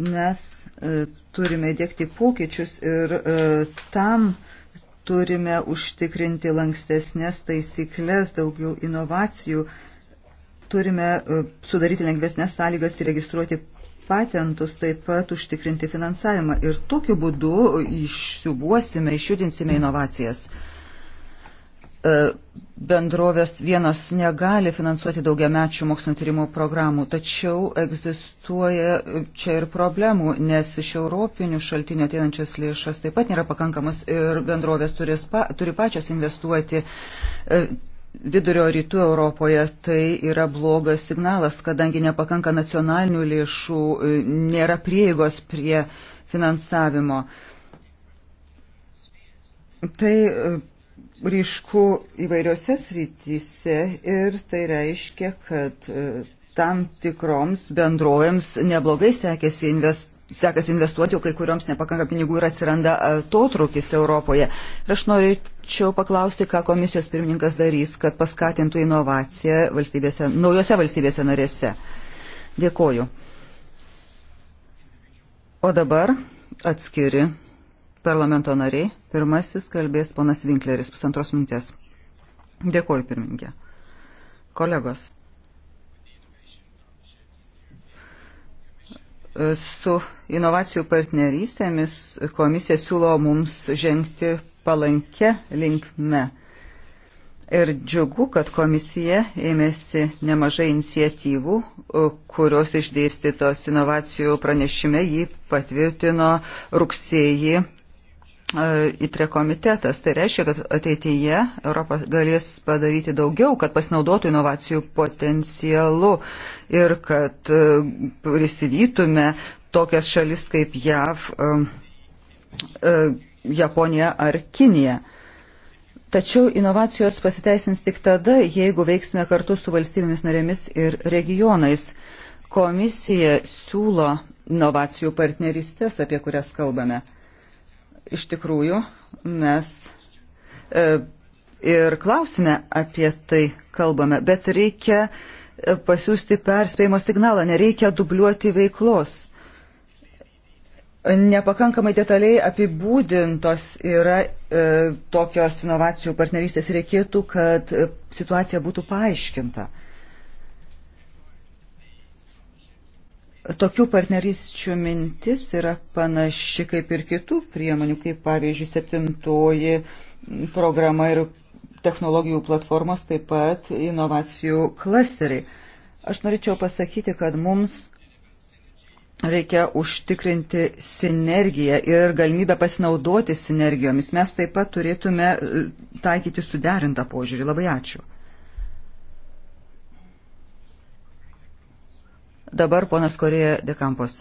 Mes e, turime dėkti pokyčius ir e, tam turime užtikrinti lankstesnės taisyklės, daugiau inovacijų, turime e, sudaryti lengvesnės sąlygas įregistruoti patentus, taip pat užtikrinti finansavimą ir tokiu būdu išsiubuosime, išjudinsime inovacijas. E, E, bendrovės vienos negali finansuoti daugiamečių mokslinio tyrimų programų, tačiau egzistuoja čia ir problemų, nes iš europinių šaltinių ateinančios lėšos taip pat nėra pakankamos ir bendrovės turi, spa, turi pačios investuoti. E, vidurio rytų Europoje tai yra blogas signalas, kadangi nepakanka nacionalinių lėšų, e, nėra prieigos prie finansavimo. Tai ryšku įvairiose srityse ir tai reiškia, kad e, tam tikroms bendrovėms neblogai sekėsi investuoti sekasi investuoti, o kai kurioms nepakanka pinigų ir atsiranda atotrukis Europoje. Ir aš norėčiau paklausti, ką komisijos pirmininkas darys, kad paskatintų inovaciją valstybėse, naujose valstybėse narėse. Dėkoju. O dabar atskiri parlamento nariai. Pirmasis kalbės ponas Vinkleris, pusantros minutės. Dėkuoju, pirmininkė. Kolegos. Su inovacijų partnerystėmis komisija siūlo mums žengti palankę linkme. Ir džiugu, kad komisija ėmėsi nemažai iniciatyvų, kurios išdėstytos inovacijų pranešime jį patvirtino rugsėjį E, įtre komitetas. Tai reiškia, kad ateityje Europa galės padaryti daugiau, kad pasinaudotų inovacijų potencialu ir kad e, prisivytume tokias šalis kaip JAV, e, Japonija ar Kinija. Tačiau inovacijos pasiteisins tik tada, jeigu veiksime kartu su valstybėmis narėmis ir regionais. Komisija siūlo inovacijų partnerystės, apie kurias kalbame. Iš tikrųjų, mes e, ir klausime apie tai kalbame, bet reikia e, pasiūsti perspėjimo signalą, nereikia dubliuoti veiklos. Nepakankamai detaliai apibūdintos yra e, tokios inovacijų partnerystės, reikėtų, kad e, situacija būtų paaiškinta. Tokių partnerysčių mintis yra panaši kaip ir kitų priemonių, kaip pavyzdžiui septintoji programa ir technologijų platformos, taip pat inovacijų klasteriai. Aš norėčiau pasakyti, kad mums reikia užtikrinti sinergiją ir galimybę pasinaudoti sinergijomis. Mes taip pat turėtume e, taikyti suderintą požiūrį. Labai ačiū. Dabar ponas Korėja Dekampos.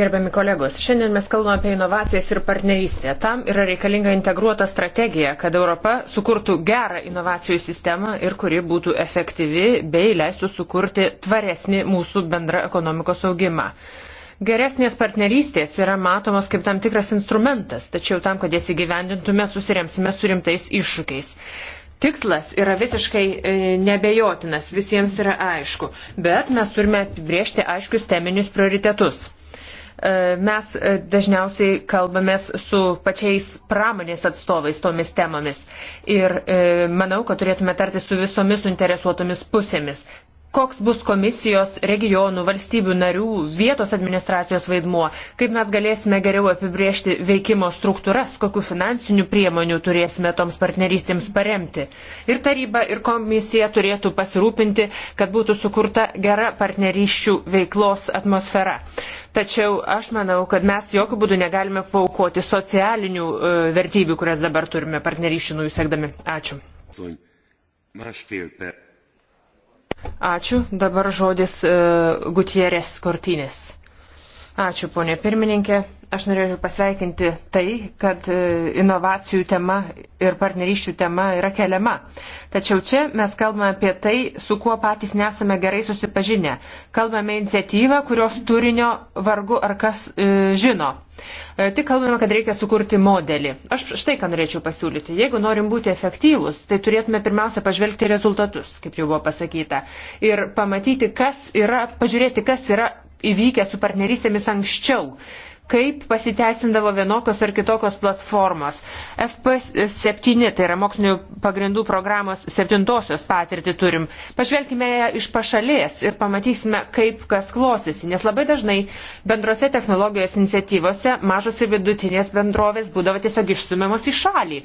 Gerbiami kolegos, šiandien mes kalbame apie inovacijas ir partnerystę. Tam yra reikalinga integruota strategija, kad Europa sukurtų gerą inovacijų sistemą ir kuri būtų efektyvi bei leistų sukurti tvaresnį mūsų bendrą ekonomikos augimą. Geresnės partnerystės yra matomos kaip tam tikras instrumentas, tačiau tam, kad jas įgyvendintume, susiremsime su rimtais iššūkiais. Tikslas yra visiškai e, nebejotinas, visiems yra aišku, bet mes turime apibriežti aiškius teminius prioritetus e, mes e, dažniausiai kalbamės su pačiais pramonės atstovais tomis temomis. Ir manau, kad turėtume tarti su visomis suinteresuotomis pusėmis koks bus komisijos regionų, valstybių narių, vietos administracijos vaidmuo, kaip mes galėsime geriau apibriežti veikimo struktūras, kokiu finansiniu priemoniu turėsime toms partnerystėms paremti. Ir taryba, ir komisija turėtų pasirūpinti, kad būtų sukurta gera partnerysčių veiklos atmosfera. Tačiau aš manau, kad mes jokių būdų negalime paukoti socialinių e, vertybių, kurias dabar turime partnerysčių nujusekdami. Ačiū. Másfél perc. Ačiū. Dabar žodis uh, e, Gutierės Kortinės. Ačiū, ponė pirmininkė. Aš norėčiau pasveikinti tai, kad e, inovacijų tema ir partnerysčių tema yra keliama. Tačiau čia mes kalbame apie tai, su kuo patys nesame gerai susipažinę. Kalbame iniciatyvą, kurios turinio vargu ar kas e, žino. E, tik kalbame, kad reikia sukurti modelį. Aš štai ką norėčiau pasiūlyti. Jeigu norim būti efektyvūs, tai turėtume pirmiausia pažvelgti rezultatus, kaip jau buvo pasakyta. Ir pamatyti, kas yra, pažiūrėti, kas yra įvykę su partnerystėmis anksčiau kaip pasiteisindavo vienokios ar kitokios platformos. FP7, tai yra mokslinio pagrindų programos septintosios patirtį turim. Pažvelkime ją iš pašalės ir pamatysime, kaip kas klostėsi, nes labai dažnai bendrose technologijos iniciatyvose mažos ir vidutinės bendrovės būdavo tiesiog išstumiamos į šalį.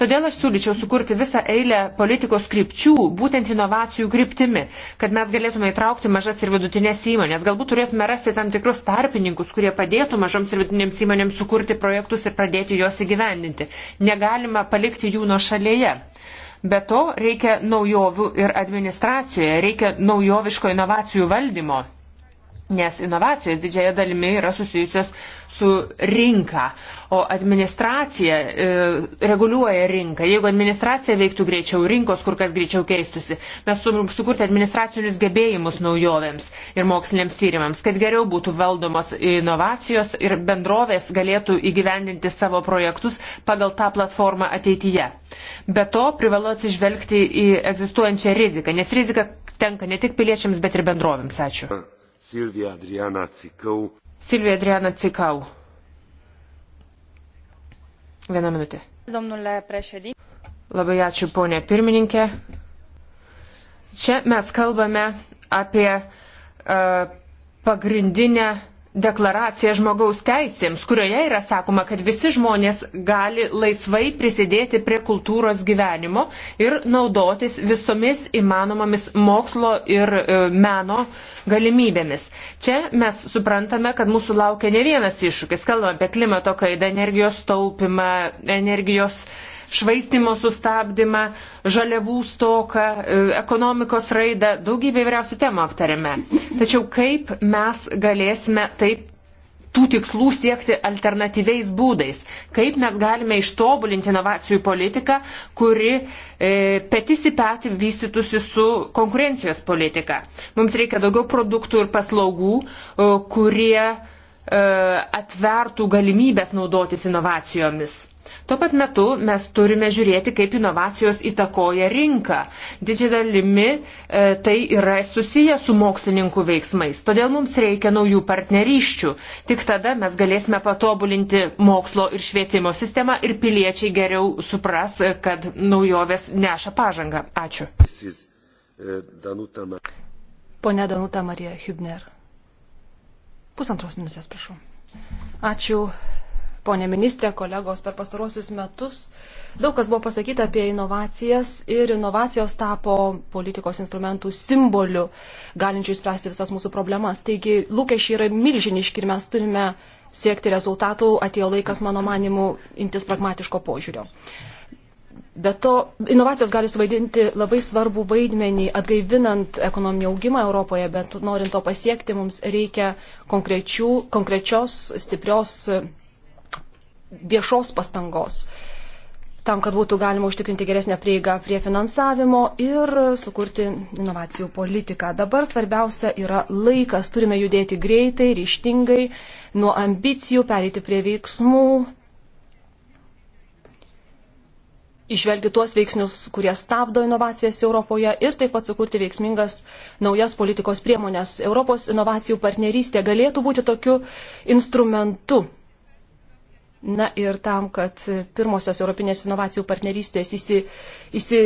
Todėl aš siūlyčiau sukurti visą eilę politikos krypčių, būtent inovacijų kryptimi, kad mes galėtume įtraukti mažas ir vidutinės įmonės. Galbūt turėtume rasti tam tikrus tarpininkus, kurie padėtų mažoms ir vidutinėms įmonėms sukurti projektus ir pradėti juos įgyvendinti. Negalima palikti jų nuo šalyje. Be to reikia naujovių ir administracijoje, reikia naujoviško inovacijų valdymo nes inovacijos didžiaja dalimi yra susijusios su rinka, o administracija e, reguliuoja rinką. Jeigu administracija veiktų greičiau, rinkos kur kas greičiau keistusi, mes su, sukurti administracinius gebėjimus naujovėms ir moksliniams tyrimams, kad geriau būtų valdomos inovacijos ir bendrovės galėtų įgyvendinti savo projektus pagal tą platformą ateityje. Be to, privalu atsižvelgti į egzistuojančią riziką, nes rizika tenka ne tik piliečiams, bet ir bendrovėms. Ačiū. Silvija Adriana Cikau. Silvija Adriana Cikau. Vieną minutę. Domnule președinte. Labai ačiū, ponė pirmininkė. Čia mes kalbame apie uh, pagrindinę deklaraciją žmogaus teisėms, kurioje yra sakoma, kad visi žmonės gali laisvai prisidėti prie kultūros gyvenimo ir naudotis visomis įmanomomis mokslo ir e, meno galimybėmis. Čia mes suprantame, kad mūsų laukia ne vienas iššūkis. Kalbame apie klimato kaidą, energijos taupimą, energijos uh, švaistimo sustabdymą, žaliavų stoką, e, ekonomikos raidą, daugybę įvairiausių temų aptarėme. Tačiau kaip mes galėsime taip tų tikslų siekti alternatyviais būdais. Kaip mes galime ištobulinti inovacijų politiką, kuri e, petis į petį vystytųsi su konkurencijos politika. Mums reikia daugiau produktų ir paslaugų, e, kurie e, atvertų galimybės naudotis inovacijomis. Tuo pat metu mes turime žiūrėti, kaip inovacijos įtakoja rinką. Didžiai dalimi e, tai yra susiję su mokslininkų veiksmais. Todėl mums reikia naujų partnerysčių. Tik tada mes galėsime patobulinti mokslo ir švietimo sistemą ir piliečiai geriau supras, e, kad naujovės neša pažangą. Ačiū. E, Pone Danuta Marija Hübner. Pusantros minutės, prašau. Ačiū, ponė ministrė, kolegos, per pastarosius metus daug kas buvo pasakyta apie inovacijas ir inovacijos tapo politikos instrumentų simboliu, galinčių išspręsti visas mūsų problemas. Taigi lūkesčiai yra milžiniški ir mes turime siekti rezultatų, atėjo laikas, mano manimu, imtis pragmatiško požiūrio. Be to, inovacijos gali suvaidinti labai svarbų vaidmenį atgaivinant ekonominį augimą Europoje, bet norint to pasiekti, mums reikia konkrečios, stiprios viešos pastangos tam, kad būtų galima užtikrinti geresnę prieigą prie finansavimo ir sukurti inovacijų politiką. Dabar svarbiausia yra laikas. Turime judėti greitai, ryštingai, nuo ambicijų pereiti prie veiksmų, išvelgti tuos veiksnius, kurie stabdo inovacijas Europoje ir taip pat sukurti veiksmingas naujas politikos priemonės. Europos inovacijų partnerystė galėtų būti tokiu instrumentu Na ir tam, kad pirmosios Europinės inovacijų partnerystės įsi, įsi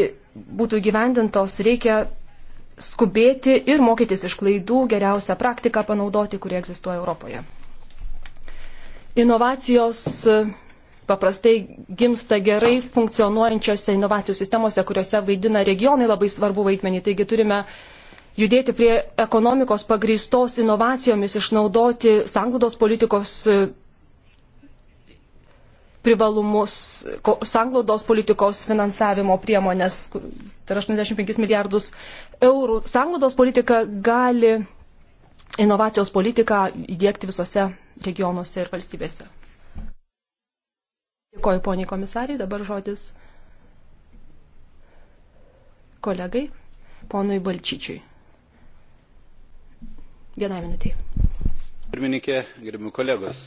būtų gyvendintos, reikia skubėti ir mokytis iš klaidų, geriausią praktiką panaudoti, kurie egzistuoja Europoje. Inovacijos e, paprastai gimsta gerai funkcionuojančiose inovacijų sistemose, kuriuose vaidina regionai labai svarbu vaidmenį. Taigi turime judėti prie ekonomikos pagrįstos inovacijomis, išnaudoti sanglaudos politikos e, privalumus sanglaudos politikos finansavimo priemonės, tai yra 85 milijardus eurų. Sanglaudos politika gali inovacijos politiką įdėkti visose regionuose ir valstybėse. Dėkoju, poniai komisariai, dabar žodis kolegai, ponui Balčyčiui. Vienai minutiai. Pirmininkė, gerbimi kolegos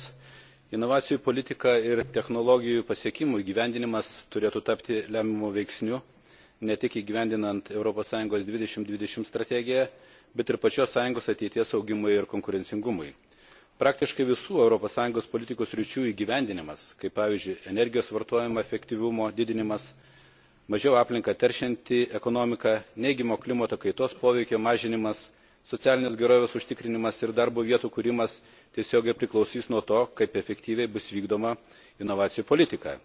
inovacijų politika ir technologijų pasiekimų įgyvendinimas turėtų tapti lemiamu veiksniu ne tik įgyvendinant europos sąjungos du tūkstančiai dvidešimt strategiją bet ir pačios sąjungos ateities augimui ir konkurencingumui. praktiškai visų europos sąjungos politikos sričių įgyvendinimas kaip pavyzdžiui energijos vartojimo efektyvumo didinimas mažiau aplinką teršianti ekonomika neigiamo klimato kaitos poveikio mažinimas socialinės gerovės užtikrinimas ir darbo vietų kūrimas tiesiogiai priklausys nuo to kaip efektyviai bus vykdoma inovacijų politika.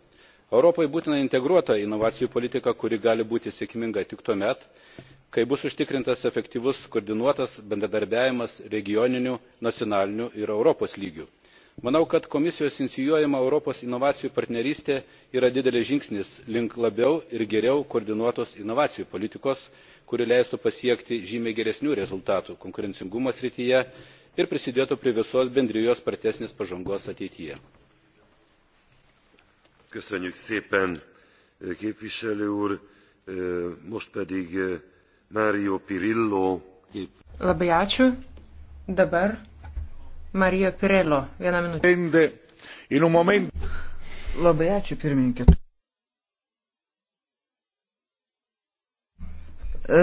europai būtina integruota inovacijų politika kuri gali būti sėkminga tik tuomet kai bus užtikrintas efektyvus koordinuotas bendradarbiavimas regioniniu nacionaliniu ir europos lygiu manau kad komisijos inicijuojama europos inovacijų partnerystė yra didelis žingsnis link labiau ir geriau koordinuotos inovacijų politikos kuri leistų pasiekti žymiai geresnių rezultatų konkurencingumo srityje ir prisidėtų prie visos bendrijos spartesnės pažangos ateityje. Köszönjük szépen, eh, képviselő úr. Eh, most pedig eh, Mario Pirillo. Labai ačiū. Dabar Marija Pirelo, vieną minutę. Labai ačiū, pirmininkė.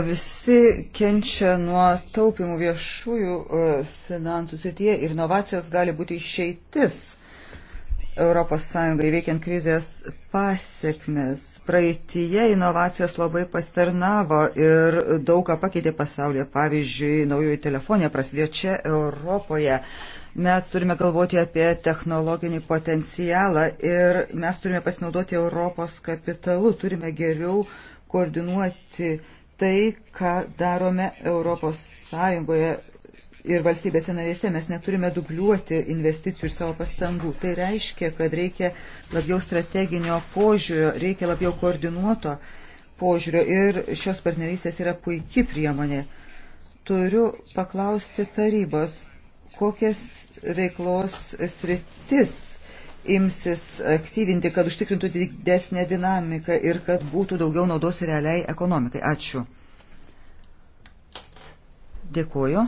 Visi kenčia nuo taupimų viešųjų e, finansų srityje ir inovacijos gali būti išeitis ES veikiant krizės pasiekmes. Praeitie inovacijos labai pasitarnavo ir daug ką pakeitė pasaulyje. Pavyzdžiui, naujoji telefonija prasidėjo čia Europoje. Uh, Mes turime galvoti apie technologinį potencialą ir mes turime pasinaudoti Europos kapitalu, turime geriau koordinuoti tai, ką darome Europos Sąjungoje ir valstybėse narėse mes neturime dubliuoti investicijų ir savo pastangų. Tai reiškia, kad reikia labiau strateginio požiūrio, reikia labiau koordinuoto požiūrio ir šios partnerystės yra puikia priemonė. Turiu paklausti tarybos, kokias veiklos sritis imsis aktyvinti, kad užtikrintų didesnę dinamiką ir kad būtų daugiau naudos realiai ekonomikai. Ačiū. Dėkuoju.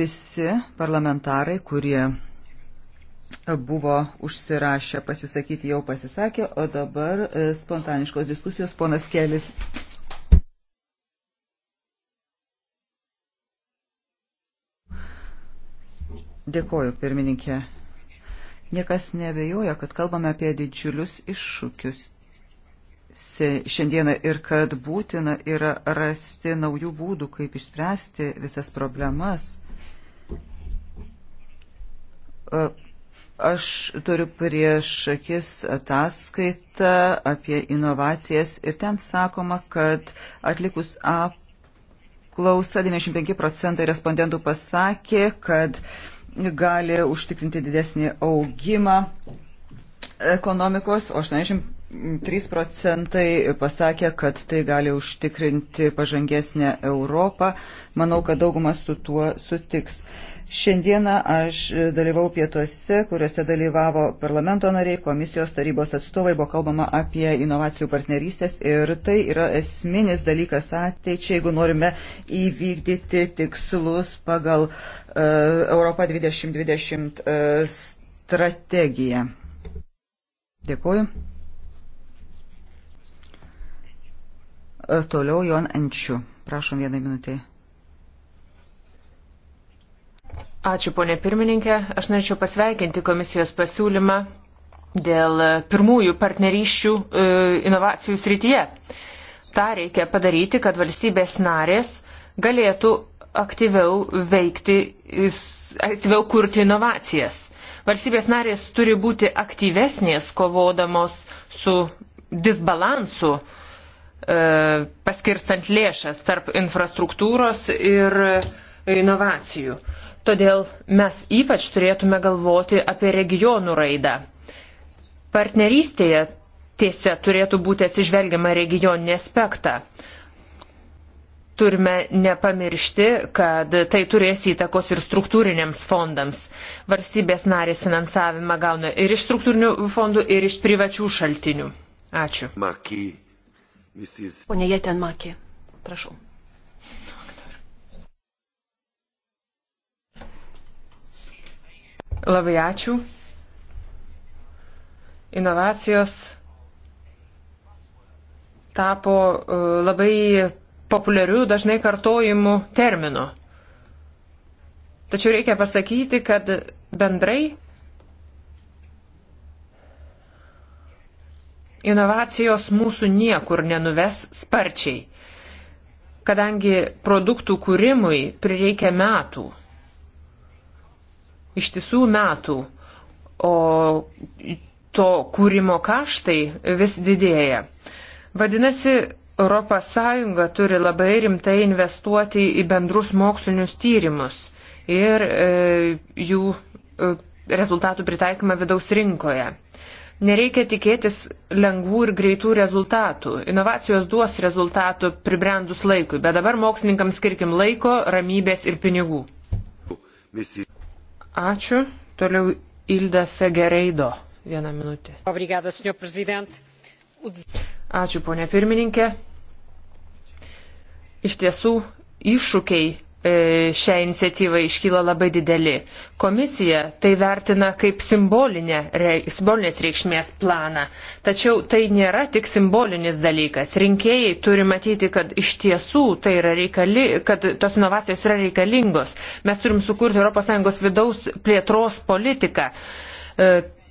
Visi parlamentarai, kurie buvo užsirašę pasisakyti, jau pasisakė, o dabar spontaniškos diskusijos ponas Kelis. Dėkoju, pirmininkė. Niekas nebejoja, kad kalbame apie didžiulius iššūkius šiandieną ir kad būtina yra rasti naujų būdų, kaip išspręsti visas problemas. E, aš turiu prieš akis ataskaitą apie inovacijas ir ten sakoma, kad atlikus apklausą 95 procentai respondentų pasakė, kad uh, gali užtikrinti didesnį augimą ekonomikos, o 83 procentai pasakė, kad tai gali užtikrinti pažangesnę Europą. Manau, kad daugumas su tuo sutiks. Šiandieną aš dalyvau pietuose, kuriuose dalyvavo parlamento nariai, komisijos tarybos atstovai, buvo kalbama apie inovacijų partnerystės ir tai yra esminis dalykas ateičiai, jeigu norime įvykdyti tikslus pagal uh, E, Europa 2020 e, strategiją. Dėkuoju. E, toliau Jon Ančiu. Prašom vieną minutę. Ačiū, ponė pirmininkė. Aš norėčiau pasveikinti komisijos pasiūlymą dėl pirmųjų partnerysčių inovacijų srityje. Ta reikia padaryti, kad valstybės narės galėtų aktyviau veikti, aktyviau kurti inovacijas. Valstybės narės turi būti aktyvesnės kovodamos su disbalansu, e, paskirstant lėšas tarp infrastruktūros ir inovacijų. Todėl mes ypač turėtume galvoti apie regionų raidą. Partnerystėje tiesa turėtų būti atsižvelgiama regioninį aspektą. Turime nepamiršti, kad tai turės įtakos ir struktūriniams fondams. Varsybės narės finansavimą gauna ir iš struktūrinių fondų, ir iš privačių šaltinių. Ačiū. Maki, is... Pone Jėten Makė, prašau. Labai ačiū. Inovacijos tapo uh, labai populiarių dažnai kartojimų terminų. Tačiau reikia pasakyti, kad bendrai inovacijos mūsų niekur nenuves sparčiai, kadangi produktų kūrimui prireikia metų, ištisų metų, o to kūrimo kaštai vis didėja. Vadinasi, ES turi labai rimtai investuoti į bendrus mokslinius tyrimus ir e, jų e, rezultatų pritaikymą vidaus rinkoje. Nereikia tikėtis lengvų ir greitų rezultatų. Inovacijos duos rezultatų pribrendus laikui, bet dabar mokslininkams skirkim laiko, ramybės ir pinigų. Ačiū. Toliau Ilda Fegereido. Vieną minutę. Obrigada, Ačiū, ponė pirmininkė iš tiesų iššūkiai e, šią iniciatyvą iškyla labai dideli. Komisija tai vertina kaip simbolinė, simbolinės reikšmės planą. Tačiau tai nėra tik simbolinis dalykas. Rinkėjai turi matyti, kad iš tiesų tai yra reikali, kad tos inovacijos yra reikalingos. Mes turim sukurti ES vidaus plėtros politiką. E,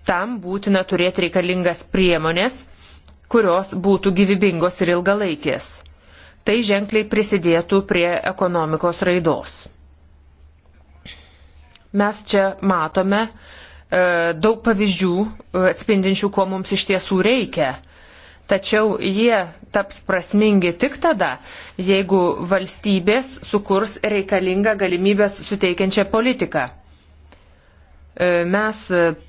tam būtina turėti reikalingas priemonės, kurios būtų gyvybingos ir ilgalaikės Tai ženkliai prisidėtų prie ekonomikos raidos. Mes čia matome e, daug pavyzdžių e, atspindinčių, ko mums iš tiesų reikia. Tačiau jie taps prasmingi tik tada, jeigu valstybės sukurs reikalingą galimybės suteikiančią politiką. E, mes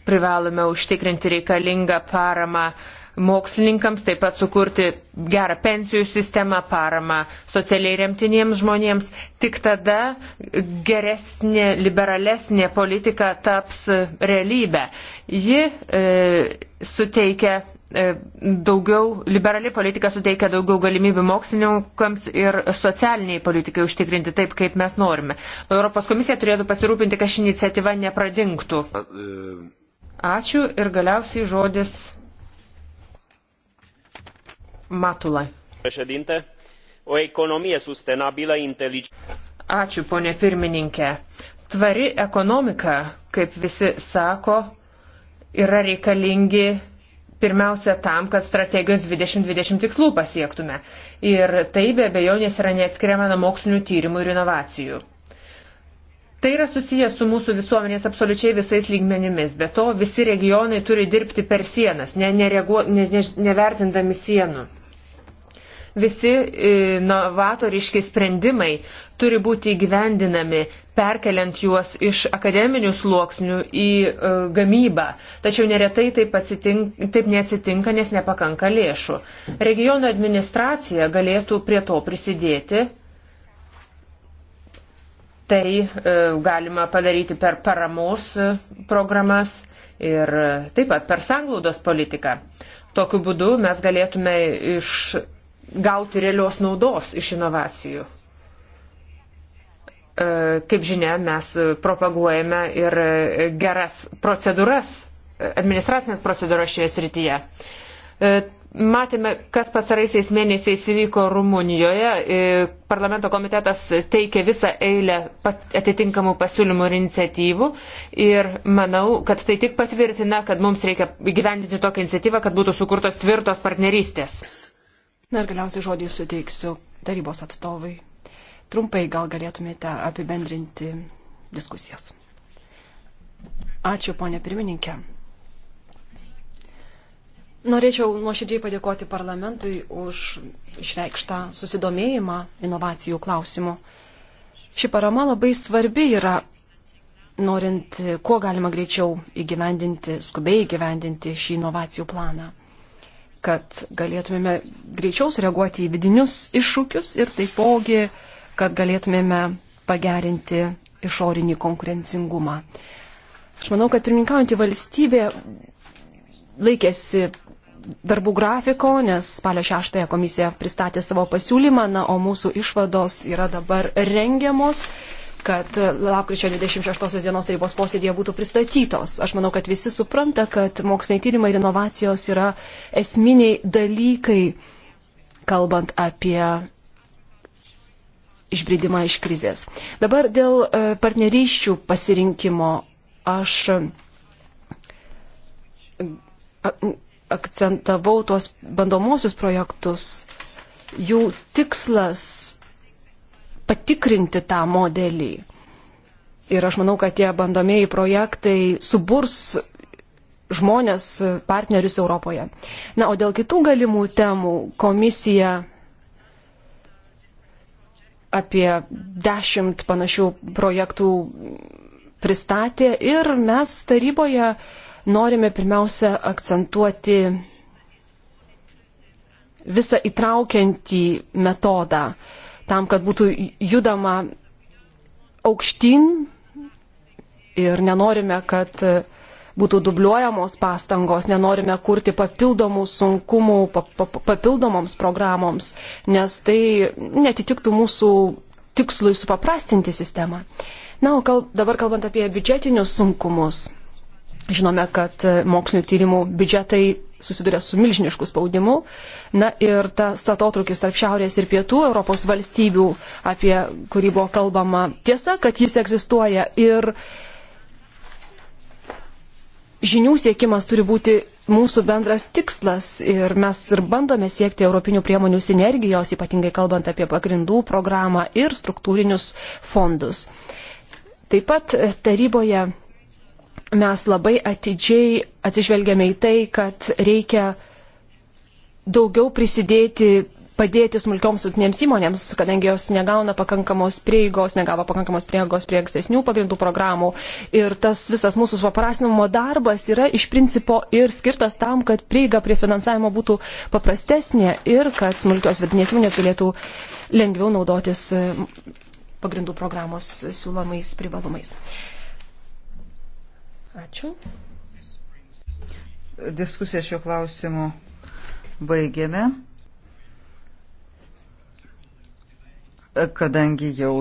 privalome užtikrinti reikalingą paramą uh, mokslininkams, taip pat sukurti gerą pensijų sistemą, paramą socialiai remtiniems žmonėms. Tik tada geresnė, liberalesnė politika taps realybė. Ji e, suteikia e, daugiau, liberali politika suteikia daugiau galimybių mokslininkams ir socialiniai politikai užtikrinti taip, kaip mes norime. Europos komisija turėtų pasirūpinti, kad ši iniciatyva nepradingtų. E. Ačiū ir galiausiai žodis Matulai. O ekonomija sustenabilă, inteligentă. Ačiū, ponė pirmininkė. Tvari ekonomika, kaip visi sako, yra reikalingi pirmiausia tam, kad strategijos 2020 tikslų pasiektume. Ir tai be abejonės yra neatskiriama nuo mokslinių tyrimų ir inovacijų. Tai yra susijęs su mūsų visuomenės absoliučiai visais lygmenimis, bet to visi regionai turi dirbti per sienas, ne, nereaguo, ne, ne, nevertindami sienų. Visi e, novatoriški sprendimai turi būti įgyvendinami, perkeliant juos iš akademinių sluoksnių į e, gamybą. Tačiau neretai taip, atsitink, taip neatsitinka, nes nepakanka lėšų. Regiono administracija galėtų prie to prisidėti tai e, galima padaryti per paramos programas ir taip pat per sanglaudos politiką. Tokiu būdu mes galėtume iš gauti realios naudos iš inovacijų. E, kaip žinia, mes propaguojame ir geras procedūras, administracinės procedūras šioje srityje. E, matėme, kas pasaraisiais mėnesiais įvyko Rumunijoje. E, parlamento komitetas teikė visą eilę atitinkamų pasiūlymų ir iniciatyvų. Ir manau, kad tai tik patvirtina, kad mums reikia gyvendinti tokią iniciatyvą, kad būtų sukurtos tvirtos partnerystės. Na ir galiausiai žodį suteiksiu tarybos atstovai. Trumpai gal galėtumėte apibendrinti diskusijas. Ačiū, ponė pirmininkė. Norėčiau nuoširdžiai padėkoti parlamentui už išreikštą susidomėjimą inovacijų klausimu. Ši parama labai svarbi yra, norint kuo galima greičiau įgyvendinti, skubiai įgyvendinti šį inovacijų planą kad galėtumėme greičiau sureaguoti į vidinius iššūkius ir taipogi, kad galėtumėme pagerinti išorinį konkurencingumą. Aš manau, kad pirmininkaujantį valstybė laikėsi darbų grafiko, nes spalio 6 komisija pristatė savo pasiūlymą, na, o mūsų išvados yra dabar rengiamos kad lapkričio 26 dienos tarybos posėdėje būtų pristatytos. Aš manau, kad visi supranta, kad moksliniai tyrimai ir inovacijos yra esminiai dalykai, kalbant apie išbridimą iš krizės. Dabar dėl e, partnerysčių pasirinkimo aš akcentavau tuos bandomuosius projektus. Jų tikslas patikrinti tą modelį. Ir aš manau, kad tie bandomieji projektai suburs žmonės, partnerius Europoje. Na, o dėl kitų galimų temų komisija apie dešimt panašių projektų pristatė ir mes taryboje norime pirmiausia akcentuoti visą įtraukiantį metodą. Uh, tam, kad būtų judama aukštyn ir nenorime, kad e, būtų dubliuojamos pastangos, nenorime kurti papildomų sunkumų papildomoms programoms, nes tai netitiktų mūsų tikslui supaprastinti sistemą. Na, o kal, dabar kalbant apie biudžetinius sunkumus, žinome, kad e, mokslinio tyrimų biudžetai susiduria su milžinišku spaudimu. Na ir tas atotrukis tarp šiaurės ir pietų Europos valstybių, apie kurį buvo kalbama, tiesa, kad jis egzistuoja ir žinių siekimas turi būti mūsų bendras tikslas ir mes ir bandome siekti europinių priemonių sinergijos, ypatingai kalbant apie pagrindų programą ir struktūrinius fondus. Taip pat taryboje mes labai atidžiai atsižvelgiame į tai, kad reikia daugiau prisidėti, padėti smulkioms vidutinėms įmonėms, kadangi jos negauna pakankamos prieigos, negavo pakankamos prieigos prie ankstesnių pagrindų programų. Ir tas visas mūsų supaprastinimo darbas yra iš principo ir skirtas tam, kad prieiga prie finansavimo būtų paprastesnė ir kad smulkios vidutinės įmonės galėtų lengviau naudotis pagrindų programos siūlomais privalumais. Ačiū. Diskusiją šio klausimu baigėme, kadangi jau